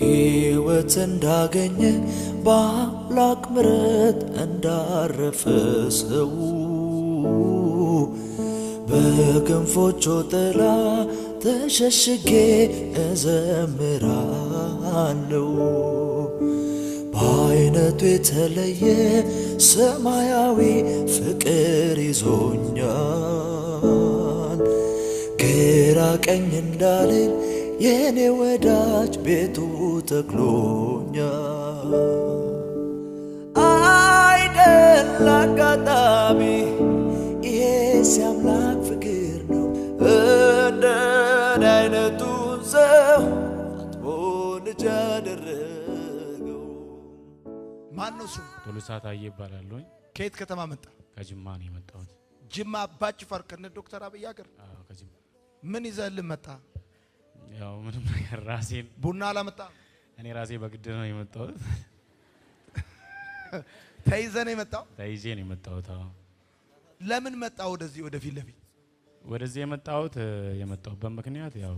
ሕይወት እንዳገኘ በአምላክ ምረት እንዳረፈ ሰው በክንፎቹ ጥላ ተሸሽጌ እዘምራለው። በአይነቱ የተለየ ሰማያዊ ፍቅር ይዞኛል ግራ ቀኝ እንዳልን የኔ ወዳጅ ቤቱ ተክሎኛ አይደል አጋጣሚ ይሄ ሲያምላክ ፍቅር ነው እንደን አይነቱን ሰው አጥቦ ልጅ ያደረገው ማን ነው ስሙ? ቶሎሳ ታዬ ይባላለሁኝ። ከየት ከተማ መጣ? ከጅማ ነው የመጣሁት። ጅማ አባ ጅፋር ከነ ዶክተር አብይ አገር ምን ይዘህልን መጣ? ያው ምንም ነገር ራሴን ቡና አላመጣ እኔ ራሴ በግድ ነው የመጣሁት። ተይዘህ ነው የመጣው? ተይዤ ነው የመጣሁት። ለምን መጣ ወደዚህ ወደ ለፊት ወደዚህ የመጣሁት? የመጣሁበት ምክንያት ያው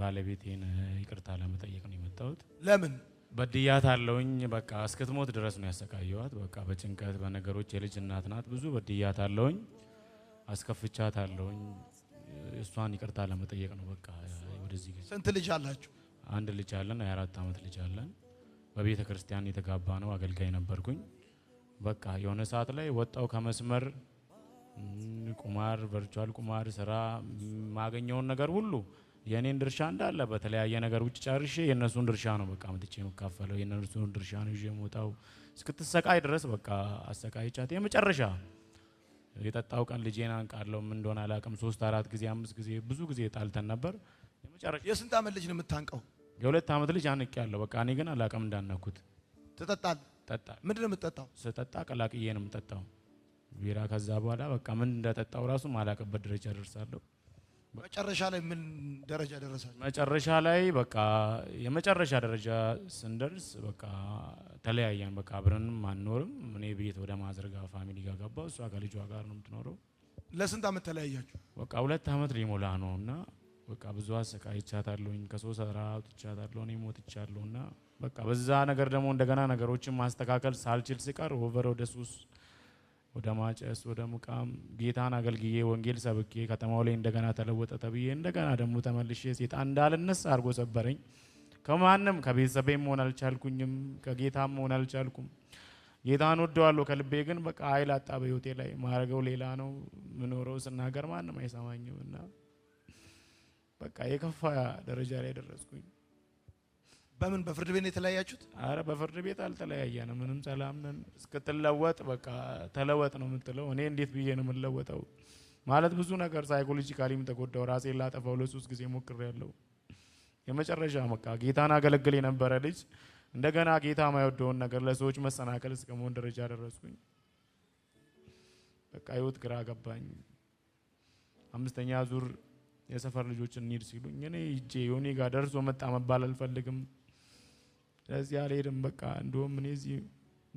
ባለቤቴን ይቅርታ ለመጠየቅ ነው የመጣሁት። ለምን በድያት አለውኝ። በቃ እስክትሞት ድረስ ነው ያሰቃየዋት። በቃ በጭንቀት በነገሮች የልጅ እናት ናት። ብዙ በድያት አለውኝ፣ አስከፍቻት አለውኝ። እሷን ይቅርታ ለመጠየቅ ነው በቃ ወደዚህ ገ ስንት ልጅ አላችሁ? አንድ ልጅ አለን፣ የአራት ዓመት ልጅ አለን። በቤተ ክርስቲያን የተጋባ ነው፣ አገልጋይ ነበርኩኝ። በቃ የሆነ ሰዓት ላይ ወጣው ከመስመር ቁማር፣ ቨርቹዋል ቁማር ስራ፣ ማገኘውን ነገር ሁሉ የእኔን ድርሻ እንዳለ በተለያየ ነገር ውጭ ጨርሼ የእነሱን ድርሻ ነው በቃ ምጥቼ የምካፈለው የእነሱን ድርሻ ነው ይዤ የምወጣው። እስክትሰቃይ ድረስ በቃ አሰቃይ አሰቃይቻት። የመጨረሻ የጠጣው ቀን ልጄን አንቃለው ምን እንደሆነ አላውቅም። ሶስት አራት ጊዜ አምስት ጊዜ ብዙ ጊዜ ጣልተን ነበር። የስንት ዓመት ልጅ ነው የምታንቀው? የሁለት ዓመት ልጅ አንቅ ያለው በቃ እኔ ግን አላቀም እንዳነኩት ትጠጣል ጠጣ ምንድን ነው የምጠጣው? ስጠጣ ቀላቅዬ ነው የምጠጣው ቢራ። ከዛ በኋላ በቃ ምን እንደጠጣው ራሱ ማላቀበት ደረጃ ደርሳለሁ። መጨረሻ ላይ ምን ደረጃ ደረሳችሁ? መጨረሻ ላይ በቃ የመጨረሻ ደረጃ ስንደርስ በቃ ተለያየን። በቃ አብረንም አንኖርም። እኔ ቤት ወደ ማዘርጋ ፋሚሊ ጋር ገባሁ። እሷ ከልጇ ጋር ነው የምትኖረው። ለስንት ዓመት ተለያያችሁ? በቃ ሁለት ዓመት ሊሞላ ነው እና በቃ ብዙ አሰቃይቻታለሁኝ፣ ከሶስት ሰራ አውጥቻታለሁ፣ እኔ ሞትቻለሁ። እና በቃ በዛ ነገር ደግሞ እንደገና ነገሮችን ማስተካከል ሳልችል ሲቀር ኦቨር ወደ ሱስ፣ ወደ ማጨስ፣ ወደ ሙቃም ጌታን አገልግዬ ወንጌል ሰብኬ ከተማው ላይ እንደገና ተለወጠ ተብዬ እንደገና ደግሞ ተመልሼ ሴጣን እንዳልነስ አድርጎ ሰበረኝ። ከማንም ከቤተሰቤም መሆን አልቻልኩኝም፣ ከጌታም መሆን አልቻልኩም። ጌታን ወደዋለሁ ከልቤ ግን በቃ ኃይል አጣ በህይወቴ ላይ። ማድረገው ሌላ ነው፣ ምኖረው ስናገር ማንም አይሰማኝም እና በቃ የከፋ ደረጃ ላይ ደረስኩኝ። በምን በፍርድ ቤት ነው የተለያያችሁት? አረ በፍርድ ቤት አልተለያየንም። ምንም ሰላም ነን። እስክትለወጥ በቃ ተለወጥ ነው የምትለው። እኔ እንዴት ብዬ ነው የምለወጠው? ማለት ብዙ ነገር ሳይኮሎጂካሊም ተጎዳው። ራሴን ላጠፋው ለሶስት ጊዜ ያለው የመጨረሻ በቃ ጌታን አገለግል የነበረ ልጅ እንደገና ጌታ ማይወደውን ነገር ለሰዎች መሰናከል እስከ መሆን ደረጃ ደረስኩኝ። በቃ ህይወት ግራ ገባኝ። አምስተኛ ዙር የሰፈር ልጆች እንሂድ ሲሉኝ እኔ ሂጄ የሆኔ ጋር ደርሶ መጣ መባል አልፈልግም። ስለዚህ አልሄድም። በቃ እንደውም እኔ እዚህ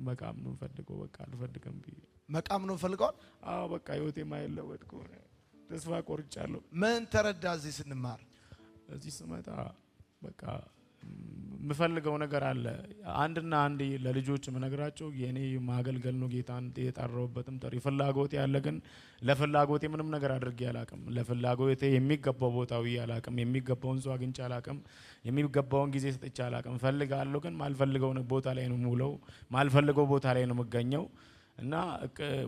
መቃም ነው ፈልገው በቃ አልፈልግም ብዬ መቃም ነው ፈልገዋል። አዎ በቃ ህይወቴ ማይለወጥ ከሆነ ተስፋ ቆርጫለሁ። ምን ተረዳ እዚህ ስንማር እዚህ ስመጣ በቃ የምፈልገው ነገር አለ። አንድና አንድ ለልጆች የምነግራቸው የእኔ ማገልገል ነው። ጌታን የጠራሁበትም ጥሪ ፍላጎት ያለ ግን ለፍላጎቴ ምንም ነገር አድርጌ አላቅም። ለፍላጎቴ የሚገባው ቦታዊ አላቅም። የሚገባውን ሰው አግኝቼ አላቅም። የሚገባውን ጊዜ ሰጥቼ አላቅም። ፈልጋለሁ ግን ማልፈልገው ቦታ ላይ ነው የምውለው። ማልፈልገው ቦታ ላይ ነው የምገኘው እና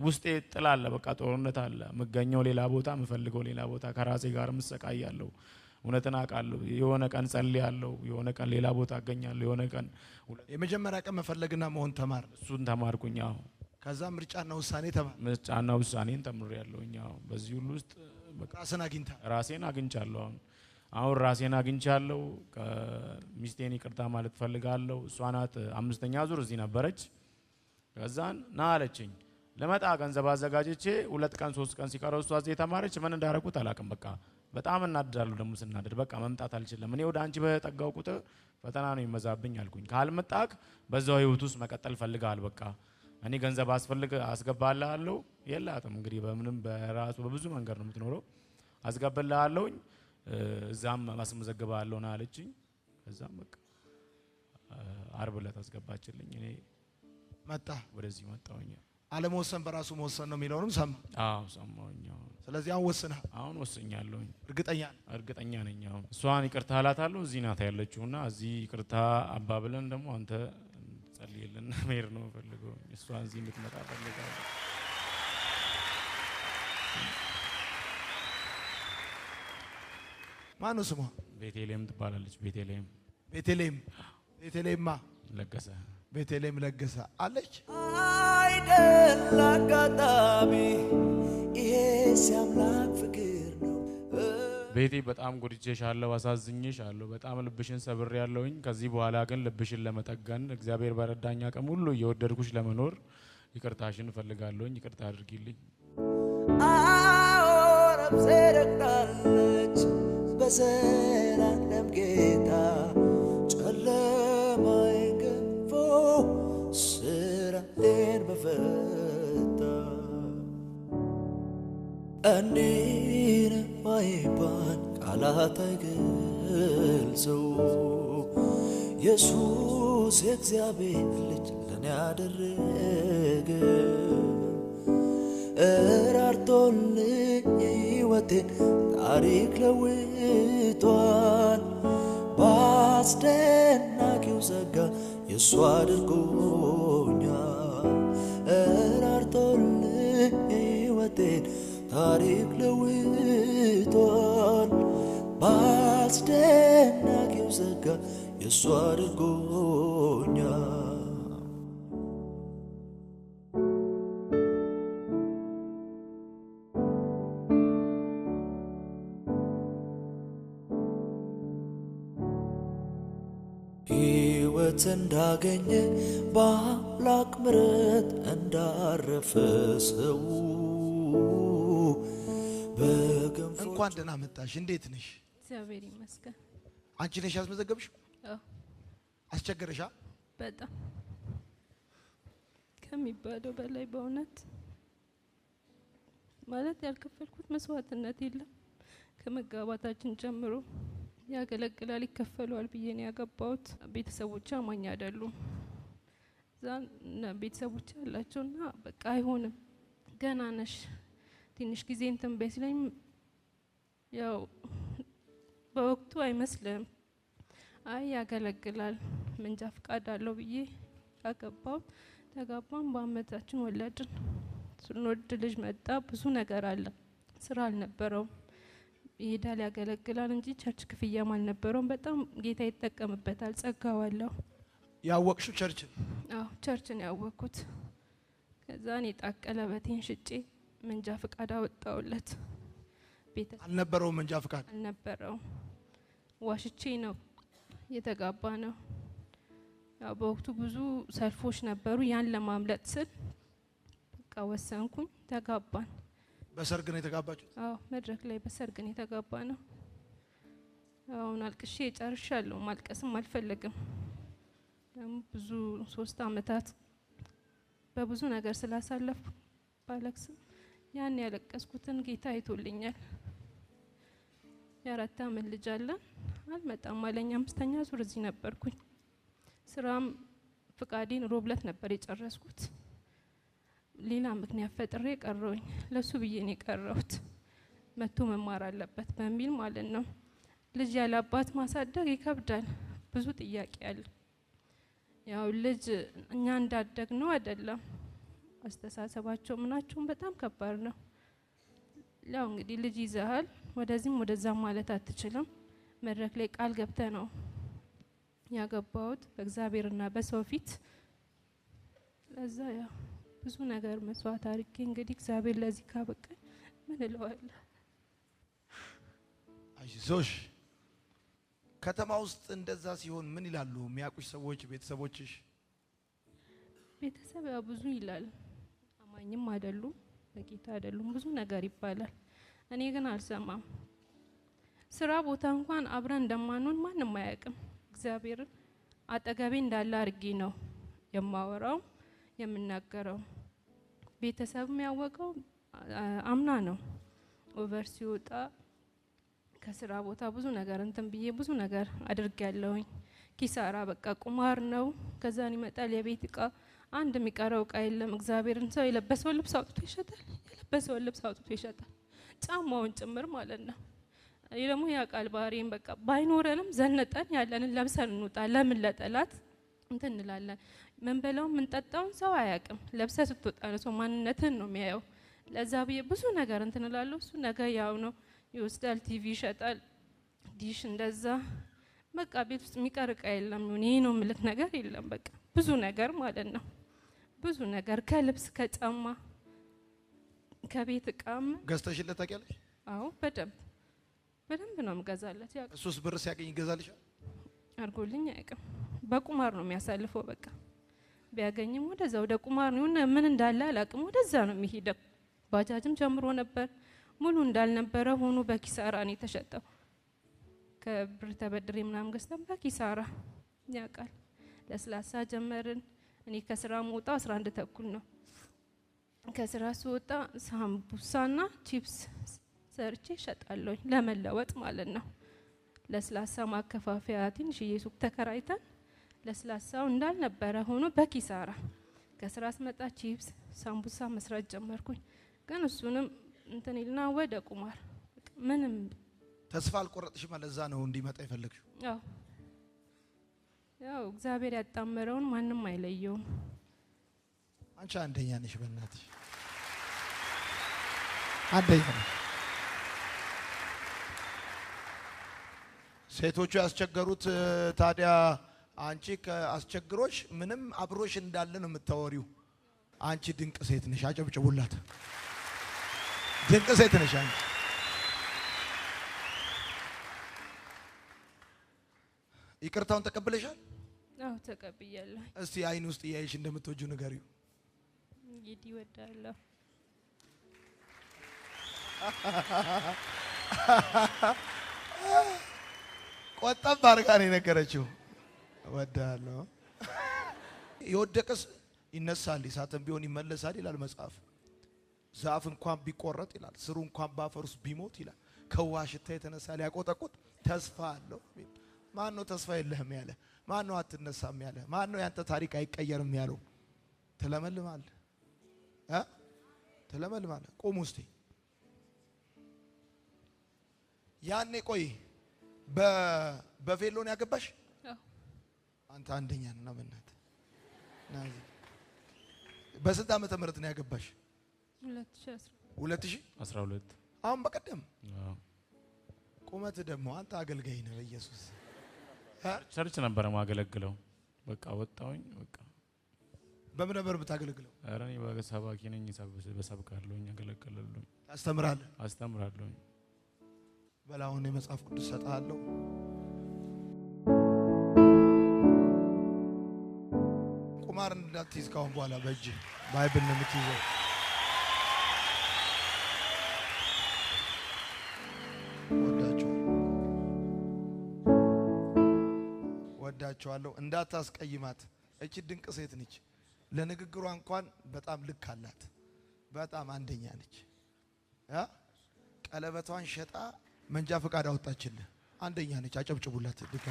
ውስጤ ጥላ አለ። በቃ ጦርነት አለ። የምገኘው ሌላ ቦታ፣ የምፈልገው ሌላ ቦታ፣ ከራሴ ጋር ምሰቃያለሁ። እውነትን አውቃለሁ። የሆነ ቀን ጸልያለሁ፣ የሆነ ቀን ሌላ ቦታ አገኛለሁ፣ የሆነ ቀን የመጀመሪያ ቀን መፈለግና መሆን ተማር እሱን ተማርኩኝ። አዎ ከዛ ምርጫና ውሳኔ ተማር ምርጫና ውሳኔን ተምሬያለሁ። አዎ በዚህ ሁሉ ውስጥ ራስን አግኝታ ራሴን አግኝቻለሁ። አሁን አሁን ራሴን አግኝቻለሁ። ከሚስቴን ይቅርታ ማለት ፈልጋለሁ። እሷ ናት አምስተኛ ዙር እዚህ ነበረች። ከዛን ና አለችኝ ልመጣ ገንዘብ አዘጋጅቼ ሁለት ቀን ሶስት ቀን ሲቀረው እሷ እዚህ የተማረች ምን እንዳረኩት አላውቅም በቃ በጣም እናድዳለሁ። ደግሞ ስናደድ በቃ መምጣት አልችልም። እኔ ወደ አንቺ በጠጋው ቁጥር ፈተና ነው ይመዛብኝ አልኩኝ። ካልመጣክ በዛው ህይወት ውስጥ መቀጠል ፈልጋል። በቃ እኔ ገንዘብ አስፈልግ አስገባልሃለሁ። የላትም እንግዲህ በምንም በራሱ በብዙ መንገድ ነው የምትኖረው። አስገባልሃለሁ፣ እዛም አስመዘግብሃለሁ ና አለችኝ። በቃ ዓርብ ዕለት አስገባችልኝ። እኔ መጣ ወደዚህ መጣሁኝ። አለመወሰን በራሱ መወሰን ነው የሚለውንም ሰማ። አዎ ሰማኛ። ስለዚህ አሁን ወስና አሁን ወስኛለሁኝ። እርግጠኛ እርግጠኛ ነኝ። አሁን እሷን ይቅርታ እላታለሁ። እዚህ ናት ያለችው እና እዚህ ይቅርታ አባብለን ደግሞ አንተ ጸልይልን መሄድ ነው ፈልገው እሷን እዚህ እንድትመጣ ፈልጋለሁ። ማነው ስሟ? ቤቴሌም ትባላለች። ቤቴሌም ቤቴሌም ቤቴሌማ ለገሰ ቤቴሌም ለገሰ አለች አይደል አጋጣሚ ይሄ ሲያምላክ ፍቅር ነው። ቤቴ በጣም ጉድቼሽ አለው፣ አሳዝኝሽ አለው፣ በጣም ልብሽን ሰብር ያለውኝ። ከዚህ በኋላ ግን ልብሽን ለመጠገን እግዚአብሔር በረዳኝ አቅም ሁሉ እየወደድኩሽ ለመኖር ይቅርታሽን እፈልጋለሁኝ። ይቅርታ አድርጊልኝ። ረብሴ ረግዳለች በሰላለም ጌታ ጨለማ በፈታ እኔን ማይባን ቃላት አይገልጸው ኢየሱስ የእግዚአብሔር ልጅ ለእኔ ያደረገ እራርቶልኝ ሕይወቴን ታሪክ ለውጧል። በአስደናቂው ጸጋ የእሱ አድርጎ ልቤን ታሪክ ለውጧል። በአስደናቂው ጸጋ የእሱ አድርጎኛል። ሕይወት እንዳገኘ በአምላክ ምረት እንዳረፈ ሰው እንኳን ደህና መጣሽ። እንዴት ነሽ? እግዚአብሔር ይመስገን። አንቺ ነሽ ያስመዘገብሽ? አስቸገረሻ? በጣም ከሚባለው በላይ በእውነት ማለት ያልከፈልኩት መስዋዕትነት የለም። ከመጋባታችን ጀምሮ ያገለግላል ይከፈለዋል ብዬ ነው ያገባሁት። ቤተሰቦቼ አማኝ አይደሉም። እዛ ቤተሰቦች ያላቸውና በቃ አይሆንም ገና ነሽ ትንሽ ጊዜ እንትን በይ ሲለኝ ያው በወቅቱ አይመስልም አይ ያገለግላል መንጃ ፍቃድ አለው ብዬ ያገባው ተጋባም በአመታችን ወለድን። ስንወድ ልጅ መጣ። ብዙ ነገር አለ። ስራ አልነበረውም። ይሄዳል ያገለግላል እንጂ ቸርች ክፍያም አልነበረውም። በጣም ጌታ ይጠቀምበታል። ጸጋዋለሁ። ያወቅሹ ቸርችን? አዎ ቸርችን ያወቅኩት ከዛን የጣቀለ በቴን ቀለበቴን ሽጬ መንጃ ፍቃድ አወጣውለት። አልነበረው መንጃ ፍቃድ አልነበረው። ዋሽቼ ነው የተጋባ ነው። ያው በወቅቱ ብዙ ሰልፎች ነበሩ። ያን ለማምለጥ ስል በቃ ወሰንኩኝ። ተጋባን። በሰርግ ነው የተጋባችሁት? አዎ፣ መድረክ ላይ በሰርግ ነው የተጋባ ነው። አሁን አልቅሼ ጨርሻለሁ። ማልቀስም አልፈለግም። ብዙ ሶስት አመታት በብዙ ነገር ስላሳለፍ ባለቅስም ያን ያለቀስኩትን ጌታ አይቶልኛል። የአራት አመት ልጅ አለን። አልመጣም አለኝ። አምስተኛ ዙር እዚህ ነበርኩኝ። ስራም ፍቃዴን ሮብለት ነበር የጨረስኩት። ሌላ ምክንያት ፈጥሬ ቀረውኝ። ለሱ ብዬ ነው የቀረሁት። መቶ መማር አለበት በሚል ማለት ነው። ልጅ ያለ አባት ማሳደግ ይከብዳል። ብዙ ጥያቄ አለ። ያው ልጅ እኛ እንዳደግ ነው አይደለም አስተሳሰባቸው ምናቸውም በጣም ከባድ ነው። ያው እንግዲህ ልጅ ይዘሃል ወደዚህም ወደዛ ማለት አትችልም። መድረክ ላይ ቃል ገብተ ነው ያገባሁት በእግዚአብሔርና በሰው ፊት። ለዛ ያው ብዙ ነገር መስዋዕት አድርጌ እንግዲህ እግዚአብሔር ለዚህ ካበቀኝ ምን እለዋለሁ። አይዞሽ ከተማ ውስጥ እንደዛ ሲሆን ምን ይላሉ የሚያውቁሽ ሰዎች ቤተሰቦችሽ? ቤተሰብ ያው ብዙ ይላል። አማኝም አይደሉም፣ በጌታ አይደሉም፣ ብዙ ነገር ይባላል። እኔ ግን አልሰማም። ስራ ቦታ እንኳን አብረን እንደማንሆን ማንም አያውቅም። እግዚአብሔር አጠገቤ እንዳለ አድርጌ ነው የማወራው የምናገረው። ቤተሰብም ያወቀው አምና ነው ኦቨር ሲወጣ ከስራ ቦታ ብዙ ነገር እንትን ብዬ ብዙ ነገር አድርግ ያለውኝ ኪሳራ በቃ ቁማር ነው። ከዛን ይመጣል የቤት እቃ አንድ የሚቀረው እቃ የለም። እግዚአብሔርን ሰው የለበሰውን ልብስ አውጥቶ ይሸጣል፣ የለበሰውን ልብስ አውጥቶ ይሸጣል፣ ጫማውን ጭምር ማለት ነው። ይህ ደግሞ ያውቃል ባህሪም በቃ ባይኖረንም ዘነጠን ያለንን ለብሰን እንውጣ። ለምን ለጠላት እንትን እንላለን። ምንበላውን ምንጠጣውን ሰው አያውቅም። ለብሰ ስትወጣ ነው ሰው ማንነትን ነው የሚያየው። ለዛ ብዬ ብዙ ነገር እንትንላለሁ። እሱ ነገ ያው ነው ይወስዳል፣ ቲቪ ይሸጣል፣ ዲሽ እንደዛ በቃ ቤት ውስጥ የሚቀር የለም። ይሄ ነው ምልክ ነገር የለም። በቃ ብዙ ነገር ማለት ነው። ብዙ ነገር ከልብስ ከጫማ ከቤት እቃም ገዝተሽለት ታውቂያለሽ? አዎ በደንብ በደንብ ነው የምገዛለት። ያ እሱስ ብር ሲያገኝ ይገዛልሽ? አድርጎልኝ አያውቅም። በቁማር ነው የሚያሳልፈው። በቃ ቢያገኝም ወደዛ ወደ ቁማር ነው። ምን እንዳለ አላውቅም። ወደዛ ነው የሚሄደው። ባጃጅም ጀምሮ ነበር ሙሉ እንዳልነበረ ሆኖ በኪሳራ ነው የተሸጠው። ከብር ተበድሬ ምናምን ገዝተን በኪሳራ ያውቃል። ለስላሳ ጀመርን። እኔ ከስራ መውጣ 11 ተኩል ነው። ከስራ ስወጣ ሳምቡሳና ቺፕስ ሰርቼ ይሸጣለኝ ለመለወጥ ማለት ነው። ለስላሳ ማከፋፈያ ትንሽዬ ሱቅ ተከራይተን ለስላሳው እንዳልነበረ ሆኖ በኪሳራ ከስራ ስመጣ ቺፕስ ሳምቡሳ መስራት ጀመርኩኝ። ግን እሱንም እንትን ይልና ወደ ቁማር ምንም ተስፋ አልቆረጥሽም። ለዛ ነው እንዲመጣ የፈለግሽው። ያው እግዚአብሔር ያጣመረውን ማንም አይለየውም። አንቺ አንደኛ ነሽ፣ በእናትሽ አንደኛ ነሽ። ሴቶቹ ያስቸገሩት ታዲያ አንቺ ከአስቸግሮሽ ምንም አብሮሽ እንዳለ ነው የምታወሪው። አንቺ ድንቅ ሴት ነሽ። አጨብጭቡላት። Tenka sejtene xejn. ይቅርታውን ተቀብለሻል? አዎ ተቀብያለሁ። እስቲ አይን ውስጥ እያየሽ እንደምትወጁ ንገሪው። እንግዲህ ወዳለሁ። ቆጠብ አድርጋ ነው የነገረችው። ወዳለሁ። የወደቀስ ይነሳል፣ እሳትም ቢሆን ይመለሳል ይላል መጽሐፍ። ዛፍ እንኳን ቢቆረጥ ይላል፣ ስሩ እንኳን ባፈር ውስጥ ቢሞት ይላል፣ ከውሃ ሽታ የተነሳ ሊያቆጠቁጥ ተስፋ አለው። ማን ነው ተስፋ የለህም ያለ? ማን ነው አትነሳም ያለ? ማን ነው ያንተ ታሪክ አይቀየርም ያለው? ትለመልማል እ ትለመልማል ቁም ውስጥ ያኔ ቆይ በቬሎን ያገባሽ አንተ አንደኛ ነው። በእናትህ በስንት ዓመተ ምህረት ነው ያገባሽ? ሁለት አሁን በቀደም ቁመት ደግሞ አንተ አገልጋይ ነህ። በኢየሱስ ቸርች ነበረ ማገለግለው። በቃ ወጣሁኝ። በቃ በምን ነበር ብታገለግለው? ኧረ በሰባኪ ነኝ፣ በሰብካለሁኝ፣ አገለግላለሁኝ፣ ታስተምራለህ፣ አስተምራለሁኝ። በላሁን የመጽሐፍ ቅዱስ ሰጥሃለሁ። ቁማር እንዳትይዝ ካሁን በኋላ በእጅ ባይብል ነው የምትይዘው። ብያቸዋለሁ። እንዳታስቀይማት። እቺ ድንቅ ሴት ነች። ለንግግሯ እንኳን በጣም ልክ አላት። በጣም አንደኛ ነች። ቀለበቷን ሸጣ መንጃ ፈቃድ አወጣችልህ። አንደኛ ነች። አጨብጭቡላት። ድጋ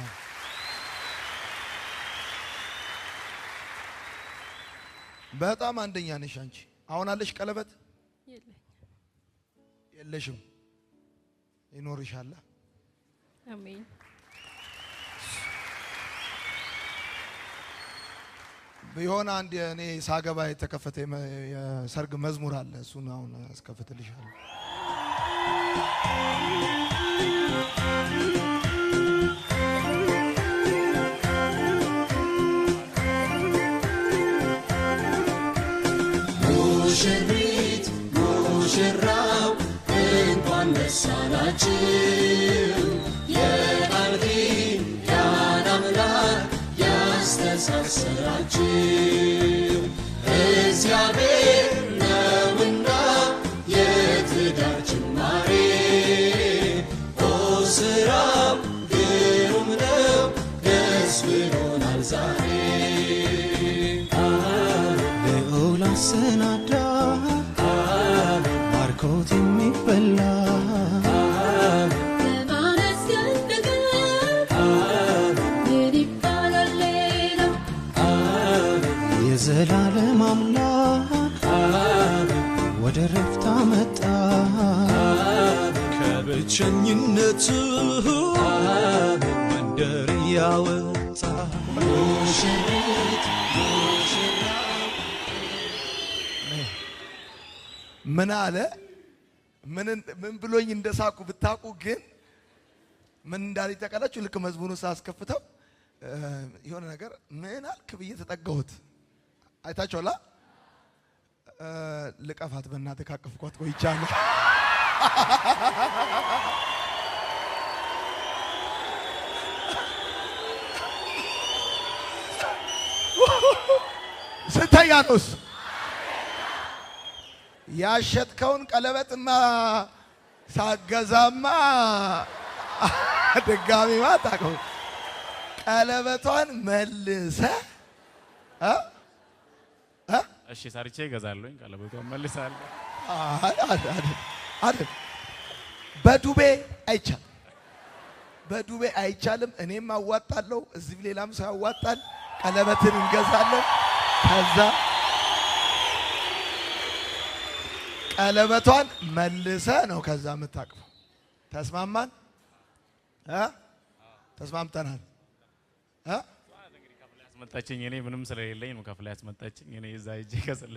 በጣም አንደኛ ነሽ አንቺ። አሁን አለሽ ቀለበት የለሽም? ይኖርሻል። አሜን። የሆነ አንድ እኔ ሳገባ የተከፈተ የሰርግ መዝሙር አለ። እሱን አሁን አስከፍትልሻለሁ። ሙሽሪት ሙሽራው እንኳን ደስ አላችሁ አልሰራችም እግዚአብሔር ከንጹህ አብን መንደር ያወጣ ሙሽሪት ምን አለ? ምን ብሎኝ እንደሳቁ ብታውቁ ግን ምን እንዳለ ይጠቃላችሁ። ልክ መዝሙሩን ሳስከፍተው የሆነ ነገር ምን አልክ ብዬ ተጠጋሁት። አይታችኋላ? ልቀፋት በእናትህ ካቀፍኳት ቆይቻለሁ። ስተያኖስ ያሸጥከውን ቀለበትማ ሳገዛማ ድጋሚ ማጣቀ ቀለበቷን መልሰ እሺ ሰርቼ ይገዛለኝ። ቀለበቷን መልሳለሁ። በዱቤ አይቻልም፣ በዱቤ አይቻልም። እኔም አዋጣለሁ፣ እዚህ ሌላም ሰው ያዋጣል። ቀለበትን እንገዛለን። ከዛ ቀለበቷን መልሰ ነው ከዛ የምታቅፈው። ተስማማን? ተስማምተናል? ያስመጣችኝ እኔ ምንም ስለሌለኝ ነው ከፍላ ያስመጣችኝ እኔ እዛ እጄ ከስላ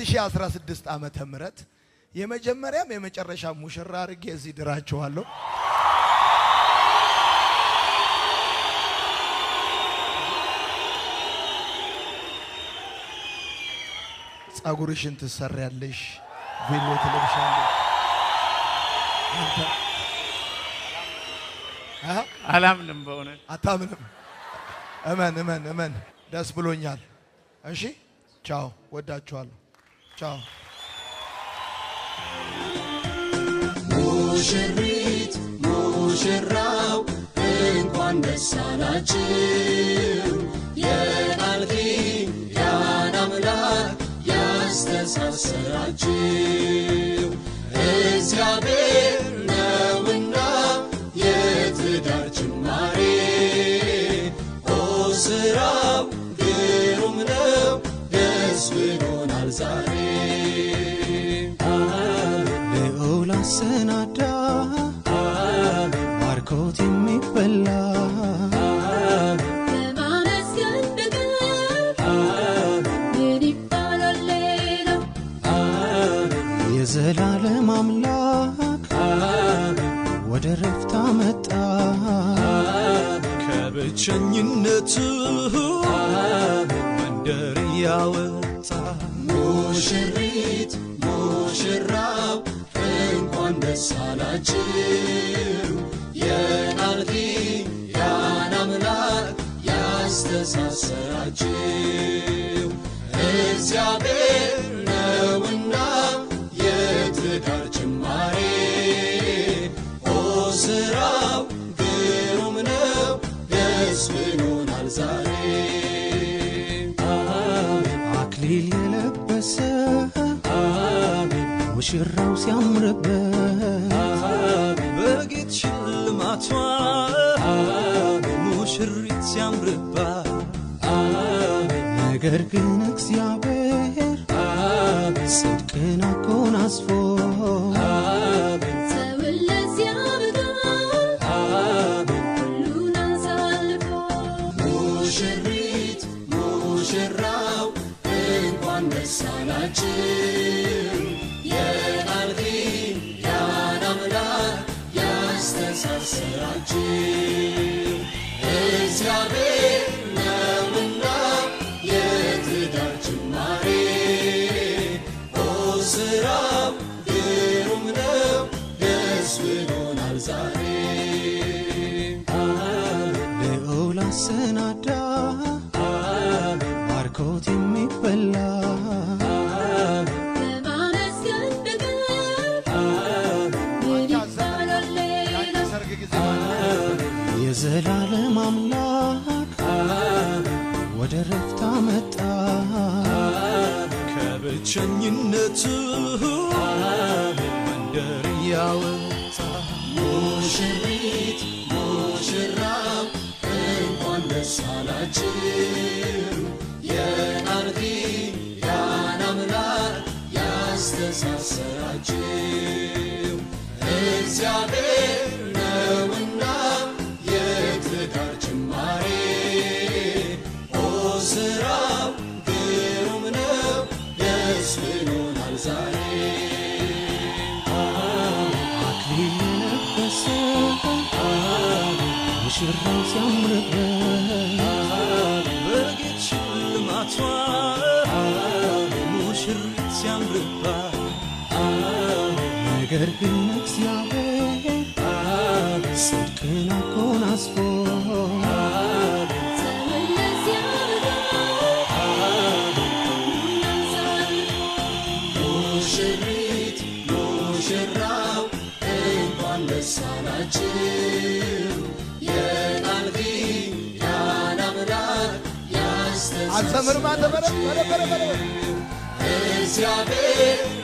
በ2016 ዓመተ ምህረት የመጀመሪያም የመጨረሻ ሙሽራ አድርጌ እዚህ ድራችኋለሁ። ጸጉርሽን ትሰሪያለሽ፣ ቬሎ ትለብሻለሽ። አላምንም፣ በእውነት አታምንም። እመን እመን እመን። ደስ ብሎኛል። እሺ፣ ቻው፣ ወዳችኋለሁ። ቻው። ሙሽሪት ሙሽራው እንኳን ደስ አላችሁ። የቃል ኪዳን አምላክ ያስተሳስራችሁ እግዚአብሔር ብቸኝነት መንደር ያወጣ ሙሽሪት ሙሽራው እንኳን ደስ አላችሁ የቃል ኪዳን አምላክ ያስተሳሰራችሁ እግዚአብሔር መስፍኖናል ዛሬ አክሊል የለበሰ ሙሽራው ሲያምርበት በጌት ሽልማቷ ሙሽሪት ሲያምርባት ነገር ግን እግዚአብሔር ጽድቅን አጎናጽፎ Solitude. ሙሽሪት ሙሽራ እንኳን ደስ አላችሁ። የአርዲ ያን አምላክ ያስተሳሰራችሁ እግዚአብሔር ታምርበት በጌት ሽልማቷ ሙሽሪት ሲያምርባት ነገር ግን እግዚአብሔር ጽድቅን አጎናጽፎ Esse é a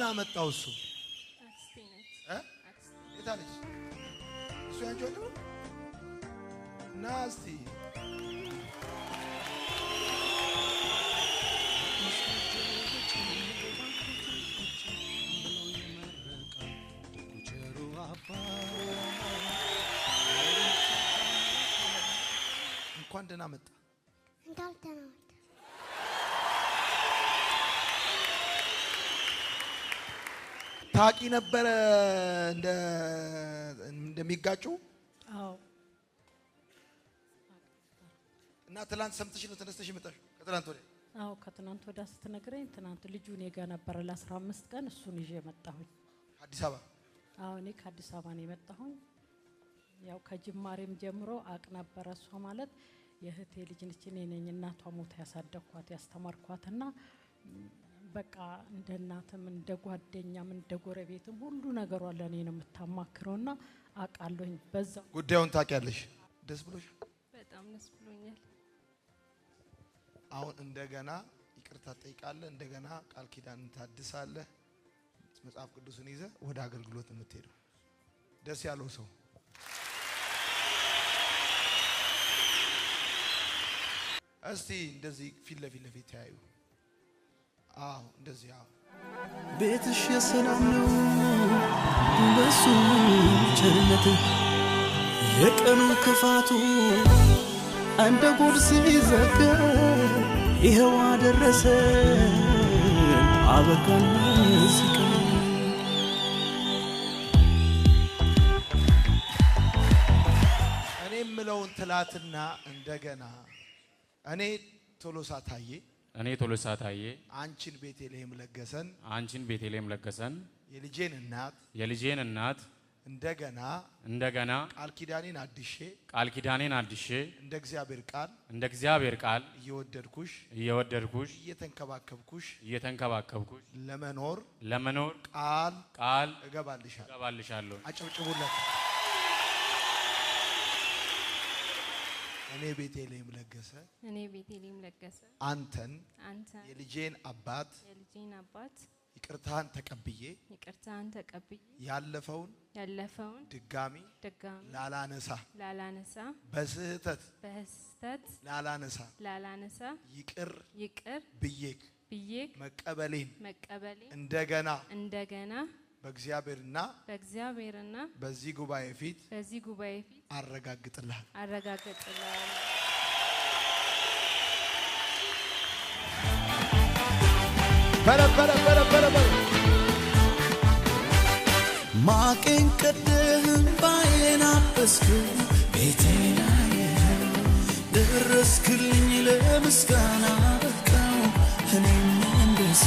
ማን አመጣው? እሱ የታለች? እሱ ያንቺ ወንድም ነው። እንኳን ደህና መጣ። ታቂ ነበረ እንደሚጋጩ እና ትላንት ሰምተሽ ነው ተነስተሽ መጣሽ? ከትላንት ወዲያ አዎ፣ ከትናንት ወዲያ ስትነግረኝ፣ ትናንት ልጁ እኔ ጋር ነበረ ለ15 ቀን እሱን ይዤ መጣሁኝ። አዲስ አበባ? አዎ፣ እኔ ከአዲስ አበባ ነው የመጣሁኝ። ያው ከጅማሬም ጀምሮ አቅ ነበረ። እሷ ማለት የእህቴ ልጅ ነች፣ እኔ ነኝ እናቷ ሞታ ያሳደግኳት ያስተማርኳትና በቃ እንደ እናትም እንደ ጓደኛም እንደ ጎረቤትም ሁሉ ነገሯ ለእኔ ነው የምታማክረውና አውቃለሁኝ። በዛ ጉዳዩን ታውቂያለሽ። ደስ ብሎሽ? በጣም ደስ ብሎኛል። አሁን እንደገና ይቅርታ ትጠይቃለህ፣ እንደገና ቃል ኪዳን ታድሳለህ፣ መጽሐፍ ቅዱስን ይዘ ወደ አገልግሎት የምትሄደው ደስ ያለው ሰው እስቲ እንደዚህ ፊት ለፊት ለፊት ተያዩ። አዎ እንደዚህ አዎ ቤትሽ የሰላም ነው በሱ ቸርነት የቀኑ ክፋቱ እንደ ጉድ ሲዘጋ ይኸው አደረሰ አበቃን እኔ የምለውን ትላትና እንደገና እኔ ቶሎሳ ታዬ እኔ ቶሎሳ ታዬ አንቺን ቤተልሔም ለገሰን አንቺን ቤተልሔም ለገሰን የልጄን እናት የልጄን እናት እንደገና እንደገና ቃል ኪዳኔን አድሼ ቃል ኪዳኔን አድሼ እንደ እግዚአብሔር ቃል እንደ እግዚአብሔር ቃል እየወደድኩሽ እየወደድኩሽ እየተንከባከብኩሽ እየተንከባከብኩሽ ለመኖር ለመኖር ቃል ቃል እገባልሻለሁ እገባልሻለሁ። አጨብጭቡለት። እኔ ቤቴሌም ለገሰ እኔ ቤቴሌም ለገሰ አንተን አንተን የልጄን አባት የልጄን አባት ይቅርታን ተቀብዬ ይቅርታን ተቀብዬ ያለፈውን ያለፈውን ድጋሚ ድጋሚ ላላነሳ ላላነሳ በስህተት በስህተት ላላነሳ ላላነሳ ይቅር ይቅር ብዬክ ብዬክ መቀበሌን መቀበሌን እንደገና እንደገና በእግዚአብሔርና በእግዚአብሔርና በዚህ ጉባኤ ፊት በዚህ ጉባኤ ፊት አረጋግጥልሃል አረጋግጥልሃል። ማቄን ቀደህም ባዬን አበስክ ቤቴና ደረስክልኝ ለምስጋና በቃው እኔም እንደሱ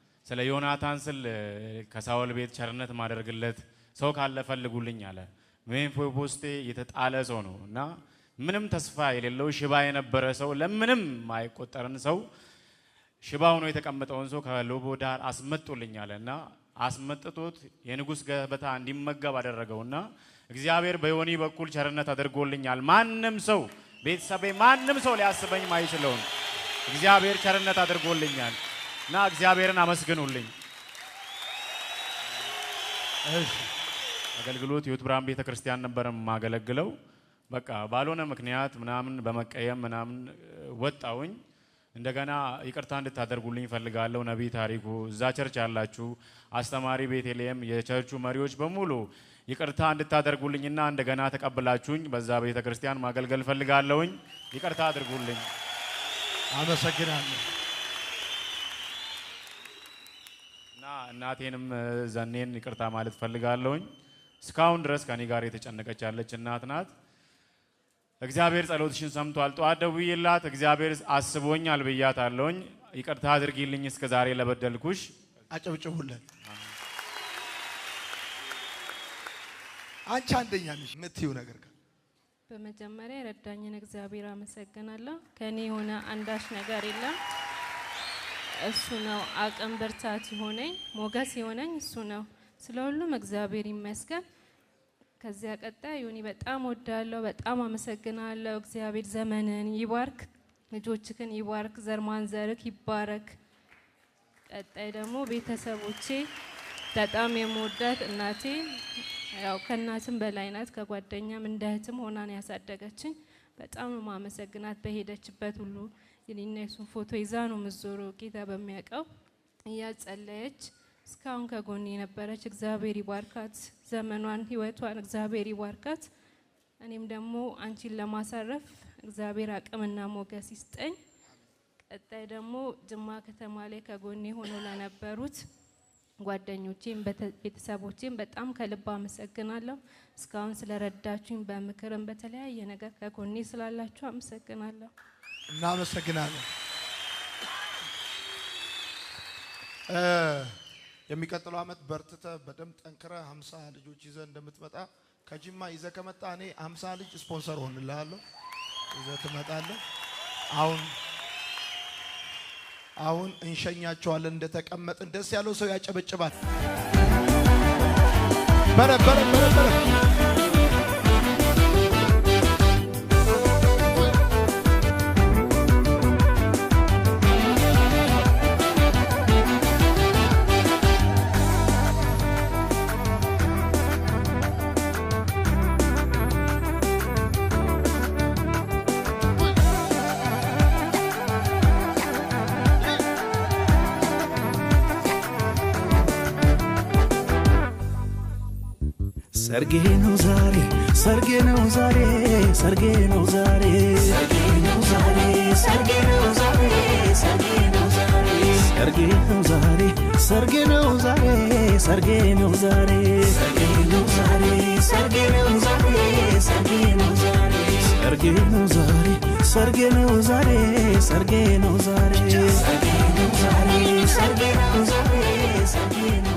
ስለ ዮናታን ስል ከሳውል ቤት ቸርነት ማደርግለት ሰው ካለ ፈልጉልኝ አለ። ሜምፊቦስቴ የተጣለ ሰው ነው እና ምንም ተስፋ የሌለው ሽባ የነበረ ሰው ለምንም ማይቆጠርን ሰው ሽባ ሆኖ የተቀመጠውን ሰው ከሎቦ ዳር አስመጡልኝ አለ እና አስመጥቶት የንጉሥ ገበታ እንዲመገብ አደረገውና እግዚአብሔር በዮኒ በኩል ቸርነት አድርጎልኛል። ማንም ሰው ቤተሰቤ፣ ማንም ሰው ሊያስበኝ ማይችለውን እግዚአብሔር ቸርነት አድርጎልኛል። እና እግዚአብሔርን አመስግኑልኝ። አገልግሎት ዩት ብርሃን ቤተ ክርስቲያን ነበር የማገለግለው። በቃ ባልሆነ ምክንያት ምናምን በመቀየም ምናምን ወጣውኝ። እንደገና ይቅርታ እንድታደርጉልኝ ፈልጋለሁ ነቢይ ታሪኩ፣ እዛ ቸርች ያላችሁ አስተማሪ ቤተልሔም፣ የቸርቹ መሪዎች በሙሉ ይቅርታ እንድታደርጉልኝና እንደገና ተቀብላችሁኝ በዛ ቤተ ክርስቲያን ማገልገል ፈልጋለሁኝ። ይቅርታ አድርጉልኝ። አመሰግናለሁ። እናቴንም ዘኔን ይቅርታ ማለት ፈልጋለሁኝ። እስካሁን ድረስ ከኔ ጋር የተጨነቀች ያለች እናት ናት። እግዚአብሔር ጸሎትሽን ሰምቷል። ጠዋት ደውዬላት እግዚአብሔር አስቦኛል ብያታለሁኝ። ይቅርታ አድርጊልኝ እስከ ዛሬ ለበደልኩሽ። አጨብጭቡለት። አንቺ አንደኛ ነሽ የምትይው ነገር ጋር በመጀመሪያ የረዳኝን እግዚአብሔር አመሰግናለሁ። ከእኔ የሆነ አንዳች ነገር የለም። እሱ ነው አቅም ብርታት የሆነኝ ሞገስ የሆነኝ እሱ ነው። ስለ ሁሉም እግዚአብሔር ይመስገን። ከዚያ ቀጣይ ዮኒ በጣም ወዳለሁ፣ በጣም አመሰግናለሁ። እግዚአብሔር ዘመንን ይባርክ፣ ልጆችክን ይባርክ፣ ዘርማን ዘርክ ይባረክ። ቀጣይ ደግሞ ቤተሰቦቼ በጣም የምወዳት እናቴ ያው ከእናትም በላይ ናት። ከጓደኛም እንደ እህትም ሆና ያሳደገችኝ። በጣም ማመሰግናት በሄደችበት ሁሉ የኔና የሱን ፎቶ ይዛ ነው ምዞሮ ጌታ በሚያውቀው እያጸለየች እስካሁን ከጎን የነበረች እግዚአብሔር ይባርካት፣ ዘመኗን ህይወቷን እግዚአብሔር ይባርካት። እኔም ደግሞ አንቺን ለማሳረፍ እግዚአብሔር አቅምና ሞገስ ይስጠኝ። ቀጣይ ደግሞ ጅማ ከተማ ላይ ከጎኔ ሆኖ ለነበሩት ጓደኞቼም ቤተሰቦቼም በጣም ከልብ አመሰግናለሁ። እስካሁን ስለረዳችሁኝ በምክርም በተለያየ ነገር ከጎኔ ስላላችሁ አመሰግናለሁ። እናመሰግናለን። የሚቀጥለው ዓመት በርትተ በደንብ ጠንክረ ሀምሳ ልጆች ይዘ እንደምትመጣ ከጅማ ይዘ ከመጣ እኔ ሀምሳ ልጅ ስፖንሰር ሆንልሃለሁ። ይዘ ትመጣለህ። አሁን አሁን እንሸኛቸዋለን። እንደተቀመጥን ደስ ያለው ሰው ያጨበጭባል። በረ በረ በረ በረ ሰርጌ ነው ዛሬ ሰርጌ ነው ዛሬ ሰርጌ ነው ዛሬ ሰርጌ ነው ዛሬ ሰርጌ ነው ዛሬ ሰርጌ ነው ዛሬ ሰርጌ ነው ዛሬ ሰርጌ ነው ዛሬ ሰርጌ ነው ዛሬ ሰርጌ ነው ዛሬ ሰርጌ ነው ዛሬ ሰርጌ ነው ዛሬ ሰርጌ ነው ዛሬ ሰርጌ ነው ዛሬ ሰርጌ ነው ዛሬ ሰርጌ ነው ዛሬ ሰርጌ ነው